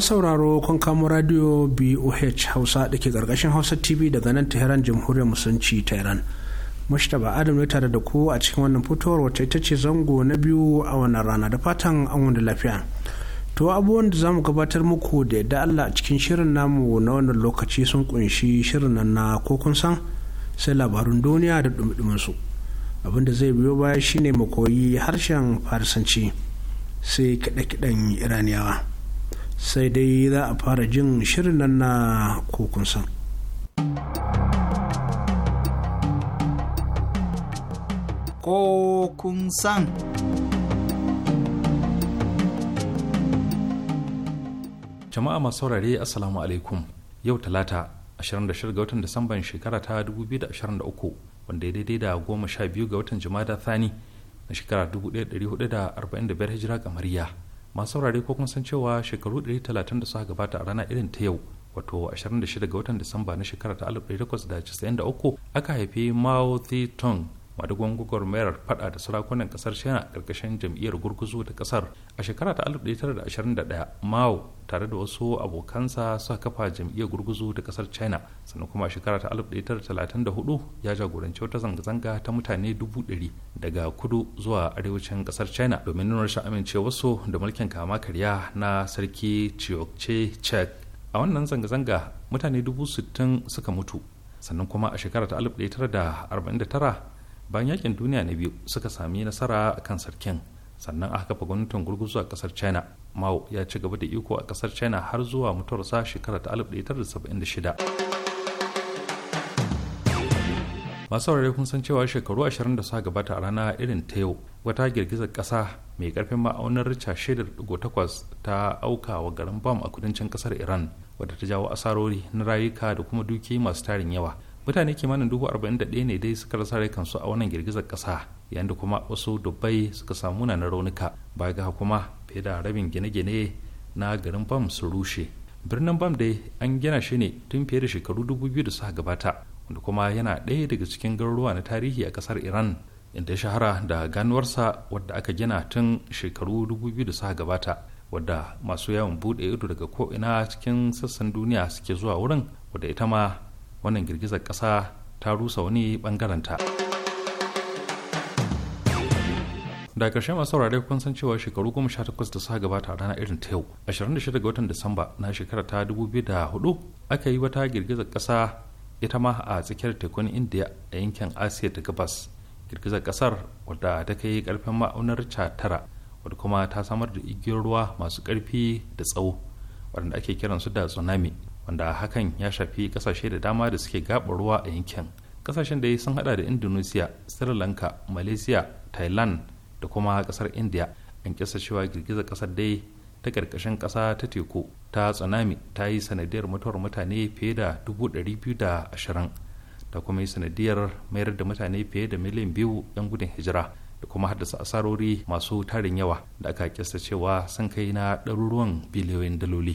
sauraro kun kamo radio boh hausa da ke ƙarƙashin hausa tv daga nan tehran jamhuriyar musulunci ta iran mashtaba adam ne tare da ku a cikin wannan fitowar wata ita ce zango na biyu a wannan rana da fatan an wanda lafiya to abubuwan da za mu gabatar muku da yadda allah a cikin shirin namu na wannan lokaci sun kunshi shirin nan na ko kun san sai labarun duniya da dumdumin su abin da zai biyo baya shine mu koyi harshen farisanci sai kiɗe kaɗan iraniyawa sai dai za a fara jin shirin nan na kokunsan. Kokunsan. Jama'a masu saurare Assalamu alaikum yau talata 26 ga watan Disamban shekara ta 2023 wanda ya daidai da goma sha biyu ga watan ta Thani na shekara 1445 hijira kamariya. masu saurare ko kun san cewa shekaru 130 da suka gabata a rana irin ta yau wato 26 ga watan disamba na shekara ta 1893 aka haifi mao zedong madugon gwagwarmayar fada da sarakunan kasar china karkashin jam'iyyar gurguzu da kasar a shekara ta 1921 mao tare da wasu abokansa suka kafa jam'iyyar gurguzu da kasar china sannan kuma a shekara ta 1934 ya jagoranci wata zanga-zanga ta mutane 100,000 daga kudu zuwa arewacin kasar china domin nuna rashin amincewarsu da mulkin kama karya na sarki chiyokce chek a wannan zanga-zanga mutane 60,000 suka mutu sannan kuma a shekara ta 1949 bayan yakin duniya na biyu suka sami nasara a kan sarkin sannan aka kafa gwamnatin gurguzu a kasar china mao ya ci gaba da iko a kasar china har zuwa mutuwarsa shekara ta 1976 masu aure kun san cewa shekaru ashirin da suka gabata a rana irin ta yau wata girgizar ƙasa mai karfin ma'aunin rica takwas ta auka wa garin bam a kudancin kasar iran wadda ta jawo asarori na rayuka da kuma duki masu tarin yawa mutane kimanin dubu arba'in da ɗaya ne dai suka rasa rai kansu a wannan girgizar ƙasa yayin da kuma wasu dubbai suka samu na raunuka baya ga kuma fiye da rabin gine-gine na garin bam su rushe birnin bam dai an gina shi ne tun fiye da shekaru dubu biyu da suka gabata wanda kuma yana ɗaya daga cikin garuruwa na tarihi a ƙasar iran inda ya shahara da ganuwarsa wadda aka gina tun shekaru dubu biyu da suka gabata wadda masu yawon bude ido daga ko'ina cikin sassan duniya suke zuwa wurin wadda ita ma wannan girgizar ƙasa ta rusa wani bangaren ta da ƙarshe masu saurare kun san cewa shekaru goma sha takwas da suka gabata a ranar irin ta yau 26 ga watan disamba na shekara ta 2004 aka yi wata girgizar ƙasa ita ma a tsakiyar tekun indiya a yankin asiya ta gabas girgizar ƙasar wadda ta kai ƙarfin ma'aunar ca tara wadda kuma ta samar da igiyar ruwa masu ƙarfi da tsawo waɗanda ake kiransu da tsunami wanda hakan ya shafi kasashe da dama da suke gaɓa ruwa a yankin kasashen da sun hada da indonesia sri lanka malaysia thailand da kuma kasar india an kisa cewa girgizar kasar dai ta karkashin kasa ta teku ta tsunami ta yi sanadiyar mutuwar mutane fiye da 220 da kuma yi sanadiyar mayar da mutane fiye da miliyan biyu 'yan gudun hijira da kuma haddasa asarori masu tarin yawa da aka kisa cewa sun kai na ɗaruruwan biliyoyin daloli.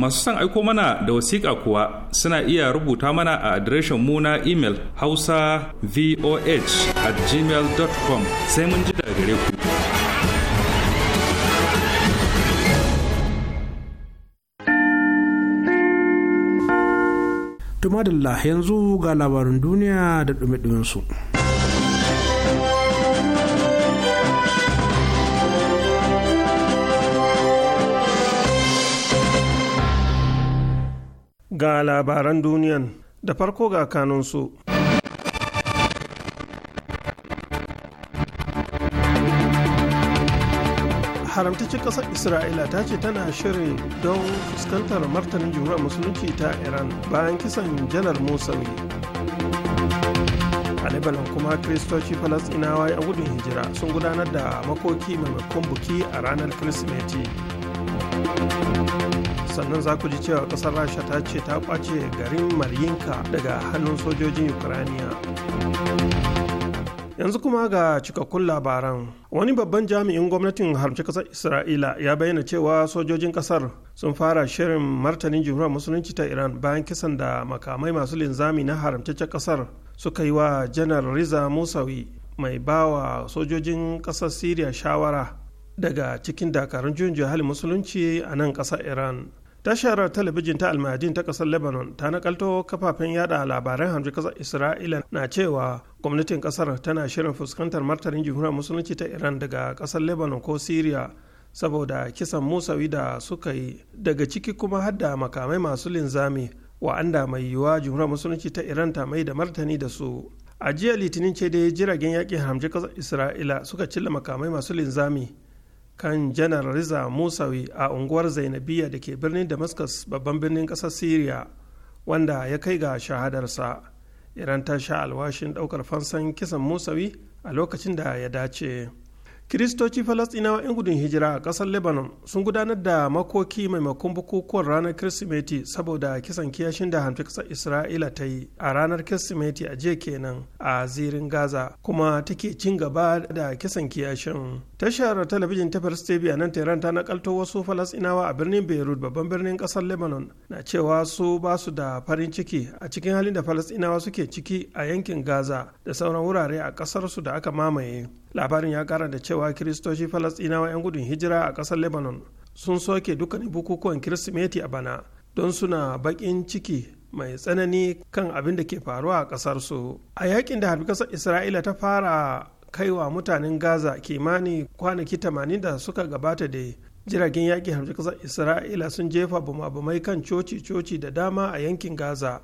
masu son aiko mana da wasiƙa kuwa suna iya rubuta mana a adireshin mu na imel hausa voh at gmail.com sai mun ji daga gare ku. Tumadilla yanzu ga labarin duniya da ɗumi su. ga labaran duniyan da farko ga kanunsu. haramtaccen ƙasar isra'ila ta ce tana shirin don fuskantar martanin jumhuriyar musulunci ta iran bayan kisan janar musawi a lebanon kuma kiristoci falasɗinawa a gudun hijira sun gudanar da makoki maimakon buki a ranar kirsimeti sannan za ku ji cewa ƙasar rasha ta ce ta kwace garin maryinka daga hannun sojojin ukraniya yanzu kuma ga cikakkun labaran wani babban jami'in gwamnatin harci kasar isra'ila ya bayyana cewa sojojin kasar sun fara shirin martanin jumhuriyar musulunci ta iran bayan kisan da makamai masu linzami na haramtaccen kasar suka yi wa janar riza musawi mai bawa sojojin kasar siriya shawara daga cikin dakarun juyin hali musulunci a nan kasar iran tasharar talabijin ta almajin ta kasar lebanon ta nakalto kafafen yada labaran hamji kasar isra'ila na cewa gwamnatin kasar tana shirin fuskantar martanin jimhuriyar musulunci ta iran daga kasar lebanon ko syria saboda kisan musawi da suka yi daga ciki kuma hadda makamai masu linzami wa'anda mai yiwuwa jimhuriyar musulunci ta iran ta mai da martani da su a jiya litinin ce dai jiragen yakin hamji kasar isra'ila suka cilla makamai masu linzami kan janar riza musawi a unguwar zainabiya da ke birnin damascus babban birnin ƙasar syria wanda ya kai ga shahadarsa iran ta sha alwashin ɗaukar fansan kisan musawi a lokacin da ya dace kiristoci falastinawa 'yan gudun hijira a ƙasar lebanon sun gudanar da makoki maimakon bukukuwan ranar kirsimeti saboda kisan kiyashin da hamfi kasar isra'ila ta yi a ranar kirsimeti a jiya kenan a zirin gaza kuma take cin gaba da kisan kiyashin tashar talabijin ta first a nan tehran ta nakalto wasu falasinawa a birnin beirut babban birnin kasar lebanon na cewa su basu da farin ciki a cikin halin da falasinawa suke ciki a yankin gaza da sauran wurare a kasar su da aka mamaye labarin ya kara da cewa kiristoci falasinawa 'yan gudun hijira a kasar lebanon sun soke dukkanin bukukuwan kirsimeti a bana don suna bakin ciki mai tsanani kan abin da ke faruwa a ƙasar su. a yakin da harbi ƙasar isra'ila ta fara kaiwa mutanen gaza kimanin kwanaki 80 da suka gabata da jiragen yakin harbi ƙasar isra'ila sun jefa bumabumai kan coci-coci da dama a yankin gaza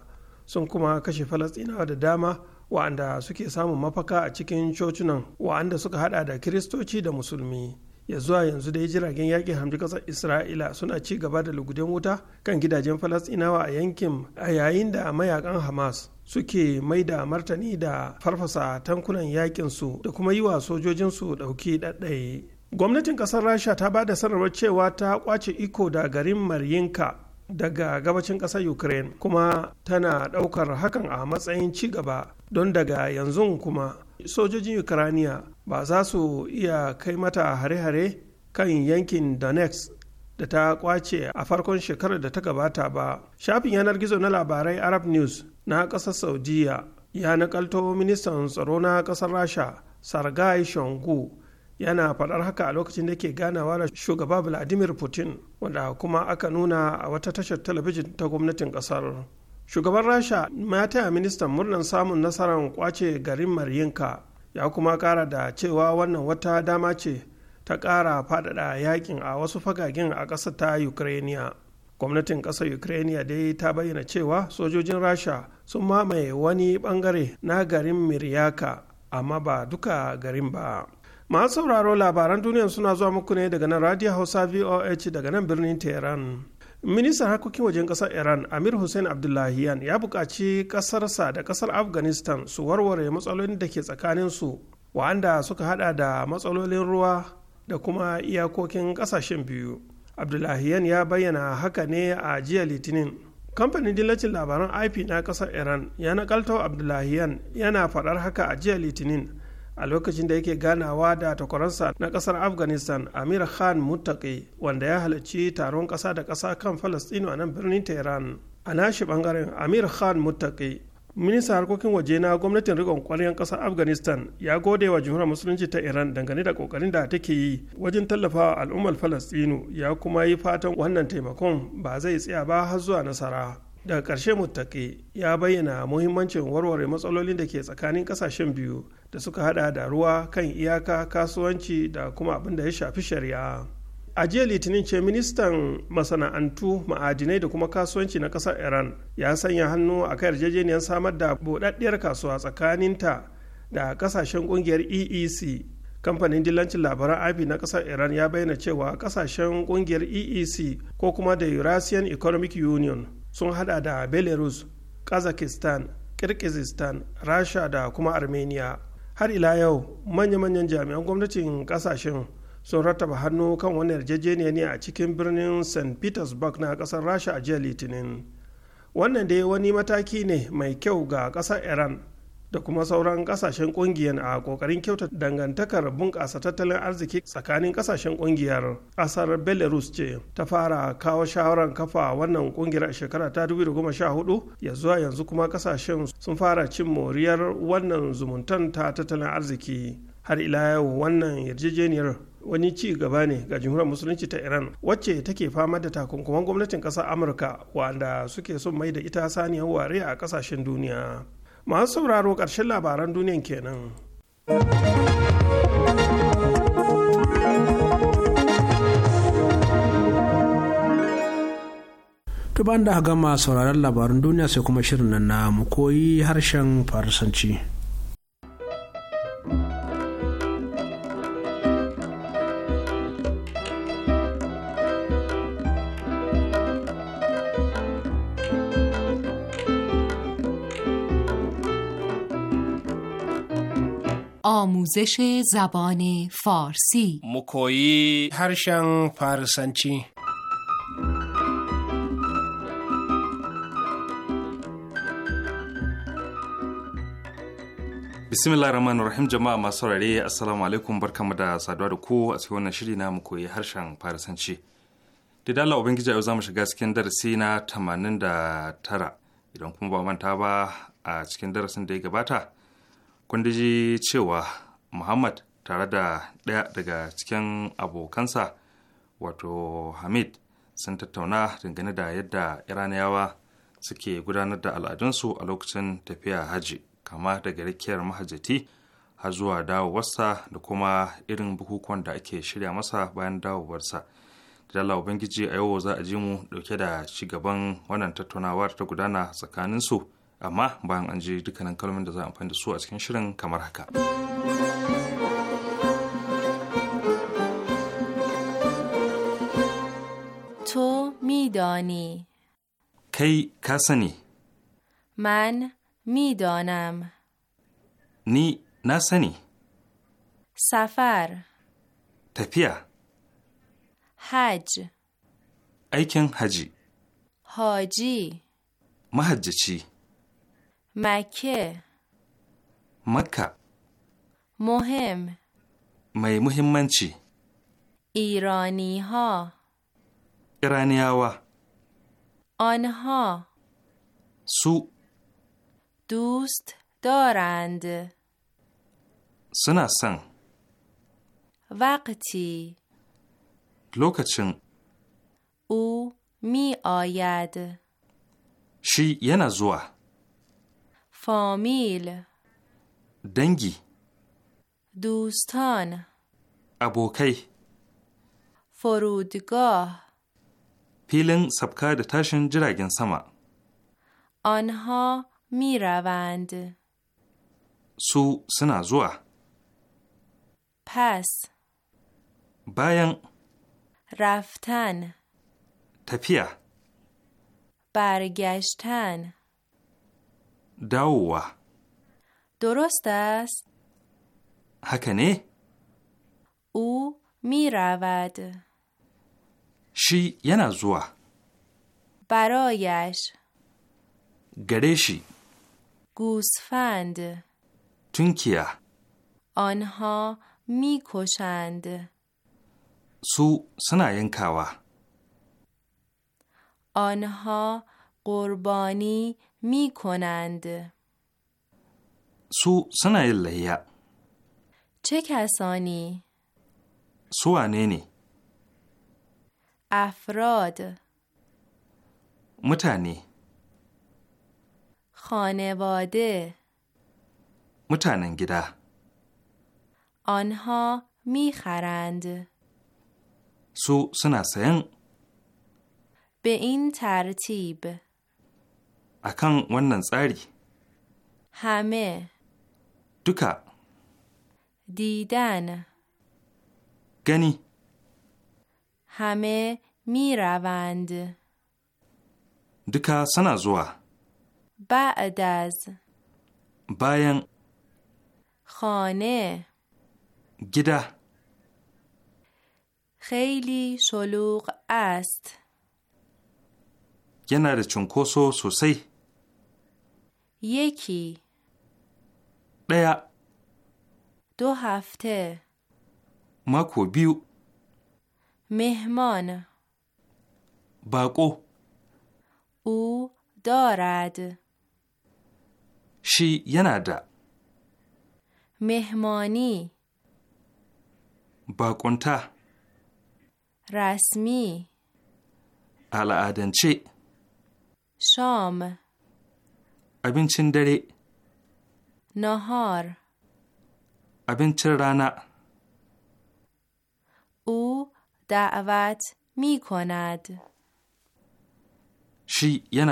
sun kuma kashe falastinawa da dama wa'anda suke samun mafaka a cikin cocinan wa'anda suka hada da kiristoci da musulmi ya zuwa yanzu dai jiragen yakin hamdu kasar isra'ila suna ci gaba da lugudin wuta kan gidajen falasɗinawa a yankin a yayin da mayakan hamas suke mai da martani da farfasa tankunan yaƙinsu da kuma yi wa sojojinsu ɗauki ɗaɗɗaye gwamnatin ƙasar rasha ta ba da sanarwar cewa ta kwace iko da garin maryinka daga gabacin ƙasar ukraine kuma tana ɗaukar hakan a matsayin ci gaba don daga yanzu kuma sojojin ukraniya ba za su iya kai mata hare-hare kan yankin donetsk da ta kwace a farkon shekarar da ta gabata ba shafin yanar gizo na labarai arab news na ƙasar saudiya ya nakalto ministan tsaro na ƙasar rasha sargai shongu yana faɗar haka a lokacin da ke ganawa da shugaba vladimir putin wanda kuma aka nuna a wata tashar talabijin ta gwamnatin ƙasar shugaban rasha ma taya ministan murnan samun nasarar kwace garin maryinka ya kuma kara da cewa wannan wata dama ce ta kara faɗaɗa yakin a wasu fagagen a ƙasar ta ukrainiya gwamnatin ƙasar ukraine dai ta bayyana cewa sojojin rasha sun mamaye wani ɓangare na garin miryaka amma ba duka garin ba masu sauraro labaran duniya suna zuwa muku ne daga nan radio hausa voh daga nan birnin tehran ministan harkokin wajen kasar iran amir hussein abdullahiyan ya buƙaci ƙasarsa da ƙasar afghanistan su warware matsalolin da ke tsakaninsu wa'anda suka hada da matsalolin ruwa da kuma iyakokin ƙasashen biyu abdullahiyan ya bayyana haka ne a jiya litinin kamfanin dillacin labaran ip na ƙasar iran ya nakalto abdullahiyan yana faɗar haka a jiya litinin a lokacin da yake ganawa da takwaransa na kasar afghanistan amir khan muttaki wanda ya halarci taron kasa da kasa kan falastinu a nan birnin tehran a nashi bangaren amir khan muttaki ministan harkokin waje na gwamnatin rikon kwaryan kasar afghanistan ya gode wa jimhuriyar musulunci ta iran dangane da kokarin da take yi wajen tallafawa al'ummar falastinu ya kuma yi fatan wannan taimakon ba zai tsaya ba har zuwa nasara daga ƙarshe muttaki ya bayyana muhimmancin warware matsalolin da ke tsakanin kasashen biyu da suka hada da ruwa kan iyaka kasuwanci da kuma abin da ya shafi shari'a a jiya litinin ce ministan masana'antu ma'adinai da kuma kasuwanci na ƙasar iran ya sanya hannu a kan yarjejeniyar samar da buɗaɗɗiyar kasuwa tsakaninta da kasashen ƙungiyar eec kamfanin dillancin labaran ip na ƙasar iran ya bayyana cewa kasashen ƙungiyar eec ko kuma da eurasian economic union sun hada da belarus kazakistan kirgizistan rasha da kuma armenia har ila yau manya-manyan jami'an gwamnatin kasashen sun rattaba hannu kan wani yarjejeniya ne a cikin birnin st petersburg na kasar rasha a jiya litinin wannan dai wani mataki ne mai kyau ga kasar iran da kuma sauran kasashen kungiyar a kokarin kyauta dangantakar bunƙasa tattalin arziki tsakanin kasashen kungiyar ƙasar belarus ce ta fara kawo shawarar kafa wannan kungiyar a shekara ta 2014 ya zuwa yanzu kuma kasashen sun fara cin moriyar wannan zumuntan ta tattalin arziki har ila yau wannan yarjejeniyar wani ci gaba ne ga jamhuriyar musulunci ta iran wacce take fama da takunkuman gwamnatin ƙasar amurka wanda suke son mai da ita saniyar ware a ƙasashen duniya masu sauraro ƙarshen labaran duniyan kenan. Tuban da gama sauraron labaran duniya sai kuma shirin nan na mu koyi harshen Farsanci. آموزش زبان فارسی مکویی هرشن فارسنچی bismillah rahman rahim jama'a masu saurare assalamu alaikum barkamu da saduwa da ku a cikin wannan shiri na mu koyi harshen farisanci da dala ubangiji yau zamu shiga cikin darasi na tamanin da tara idan kuma ba manta ba a cikin darasin da ya gabata kun ji cewa muhammad tare da ɗaya daga cikin abokansa wato hamid sun tattauna dangane da yadda iraniyawa suke gudanar da al'adunsu a lokacin tafiya haji kama daga rikiyar mahajjati har zuwa dawowarsa da kuma irin bukukuwan da ake shirya masa bayan dawowarsa da Allah Ubangiji a yau za a ji mu dauke da gaban wannan tattaunawar ta gudana tsakaninsu amma bayan an je dukkanin kalmomin da za a amfani da su a cikin shirin kamar haka. To mi dani. Kai ka sani. Man mi donam. Ni na sani. Safar. Tafiya. Hajj. Aikin haji. Haji. Mahajjaci. مکه مکه مهم می مهم چی؟ ایرانی ها ایرانی ها آنها سو دوست دارند سنا سن وقتی لوکچن او می آید شی یه نزوه فامیل دنگی دوستان ابوکی فرودگاه پیلن سبکا ده تاشن جراغن سما آنها می روند سو سنا زوا پس باین رفتن تپیه برگشتن داووا درست است؟ هکنه؟ او می رود شی یه زوا برایش گرشی گوسفند تونکیا آنها می کشند سو سنا ینکاوا آنها قربانی می کنند سو سنه چه کسانی؟ سو انینی افراد متانی. خانواده متانن گیده آنها میخرند سو سین به این ترتیب a kan wannan tsari? Hame. Duka. Didana. Gani. Hame Miravand. Duka suna zuwa. Ba adaz. Bayan. Khane. Gida. خیلی شلوغ است. یه نره چون کسو یکی دیا دو هفته ماکو بیو مهمان باقو او دارد شی نده مهمانی باقونتا رسمی العادنچه شام ابین شنده ری نهار، ابین چرلانا او دعوت می کند. شی یه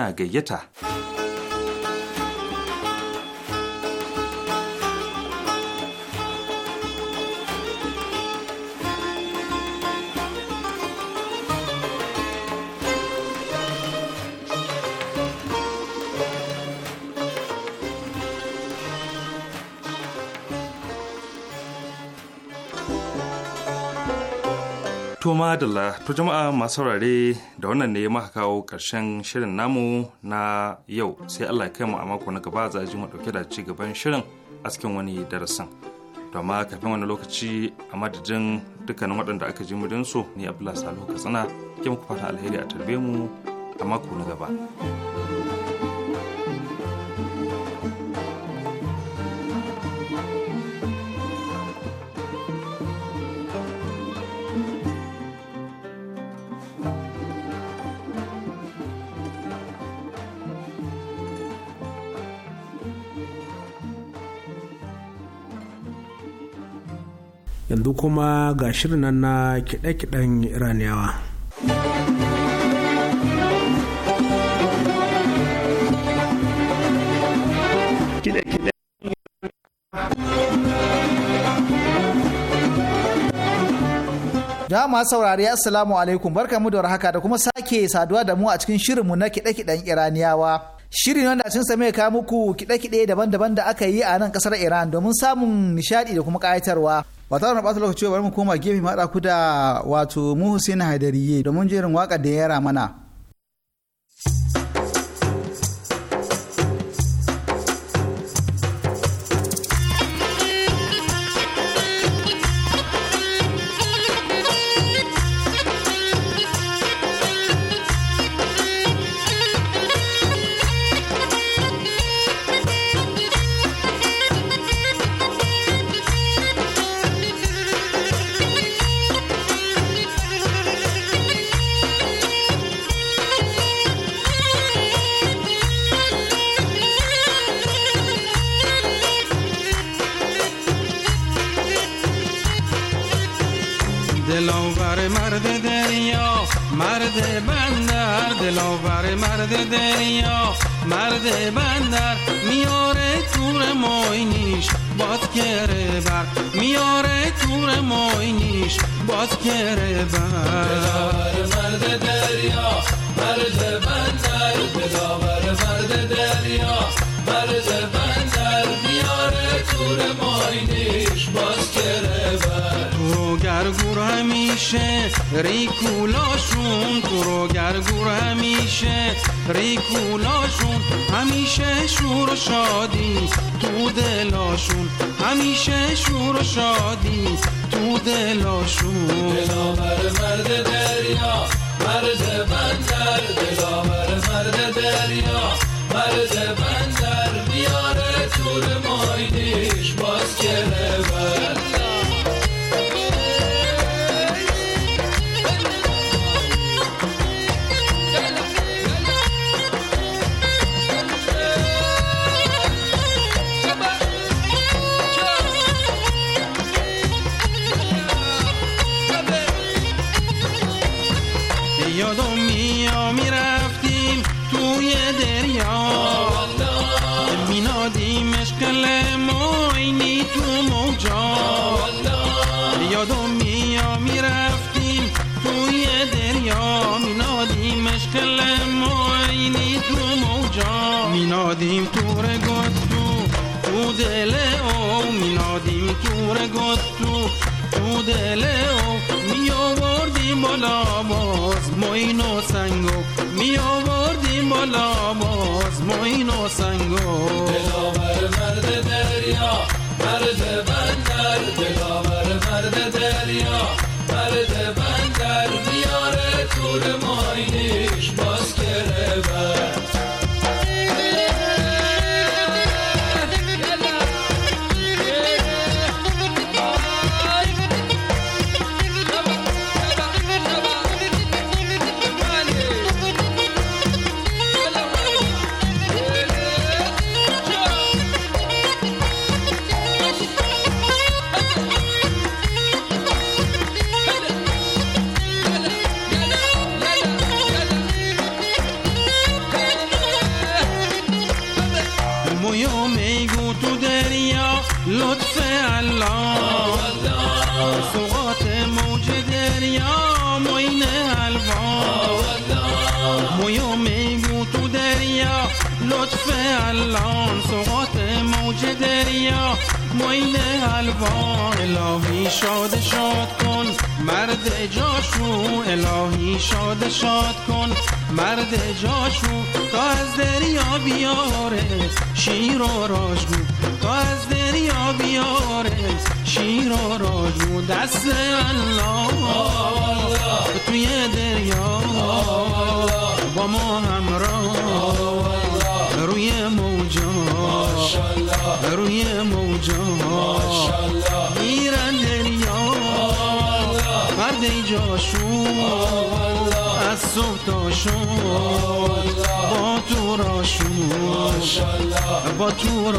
To madalla, to jama'a masu saurare da wannan ne maka kawo ƙarshen shirin namu na yau sai Allah ya kai mu a mako na gaba za ji mu ɗauke da ci gaban shirin a cikin wani darasin. To amma kafin wani lokaci a madadin dukkanin waɗanda aka ji mudin su ni Abdullahi Salihu Katsina ke muku fata alheri a tarbe mu a mako na gaba. yanzu kuma ga shirin na kiɗe-kiɗen iraniyawa Dama saurari Assalamu alaikum barkamu da warhaka da kuma sake saduwa da mu a cikin shirinmu na kiɗe-kiɗen Iraniyawa. Shirin wanda sun same ka muku kiɗe-kiɗe daban-daban da aka yi a nan ƙasar Iran domin samun nishaɗi da kuma ƙayatarwa. ba ta da lokaci ba mu koma gefe mu haɗa ku da wato muhsin haidariye domin jerin waka da ya yara mana. کرده بندر میاره تور ماینیش باد کره بر میاره تور ماینیش باد کره بر همیشه ریکولاشون رو گرگور همیشه ریکولاشون همیشه شور و شادی تو دلاشون همیشه شور و شادی تو دلاشون دلاور مرد دریا مرد بندر دلاور مرد دریا مرد بندر بیاره تور ماینیش باز که minadim tu regotu, tu deleo, minadim tu regotu, tu deleo, mi ovordi molamos, moino sango, mi ovordi molamos, moino sango. تا از دریا بیارس شیر و راجگو تا از دریا بیارس شیر و راجگو دست الله توی دریا با ما همراه روی موجا روی موجا میرن دریا مرد جاشون با تو با تو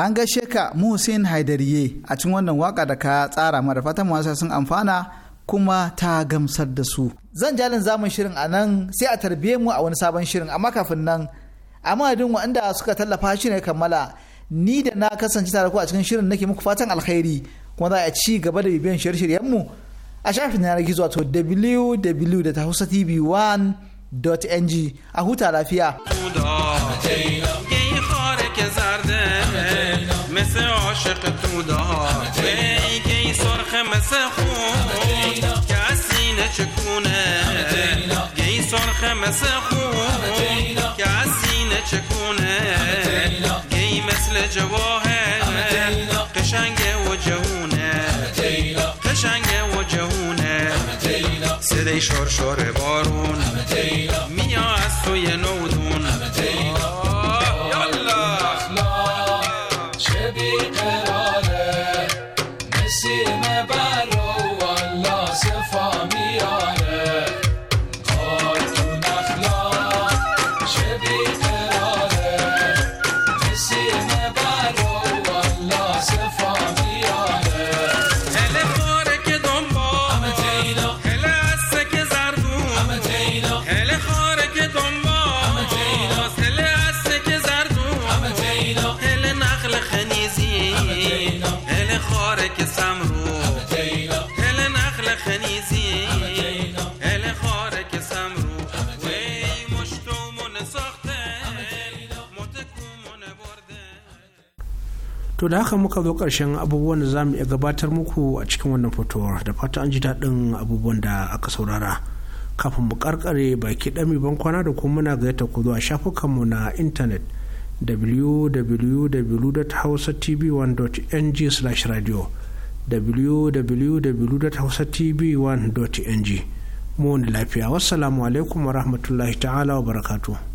an gaishe ka Musin Haidariye a cikin wannan waka da ka tsara mara fatan masu sun amfana kuma ta gamsar da su zan jalin zamun shirin a nan sai a tarbiye mu a wani sabon shirin amma kafin nan a madadin waɗanda suka tallafa shi ne kammala ni da na kasance tare ku a cikin shirin nake muku fatan alkhairi kuma za a ci gaba da bibiyan shirye-shiryen mu a shafin yanar gizo to www.hausatv1.ng a huta lafiya. چکونه سرخ خمس خون که از سینه چکونه گی مثل جواهر قشنگه و جهونه قشنگه و جهونه صدای شرشار بارون میا از سوی نو to da haka muka zo ƙarshen abubuwan da za mu iya gabatar muku a cikin wannan fitowar da fata an ji daɗin abubuwan da aka saurara kafin mu karkare baki ɗami ban kwana da kuma muna gayyata ku zuwa shafukanmu na intanet www.hausatv1.ng/radio www.hausatv1.ng mu wani lafiya wassalamu alaikum wa rahmatullahi ta'ala wa barakatu.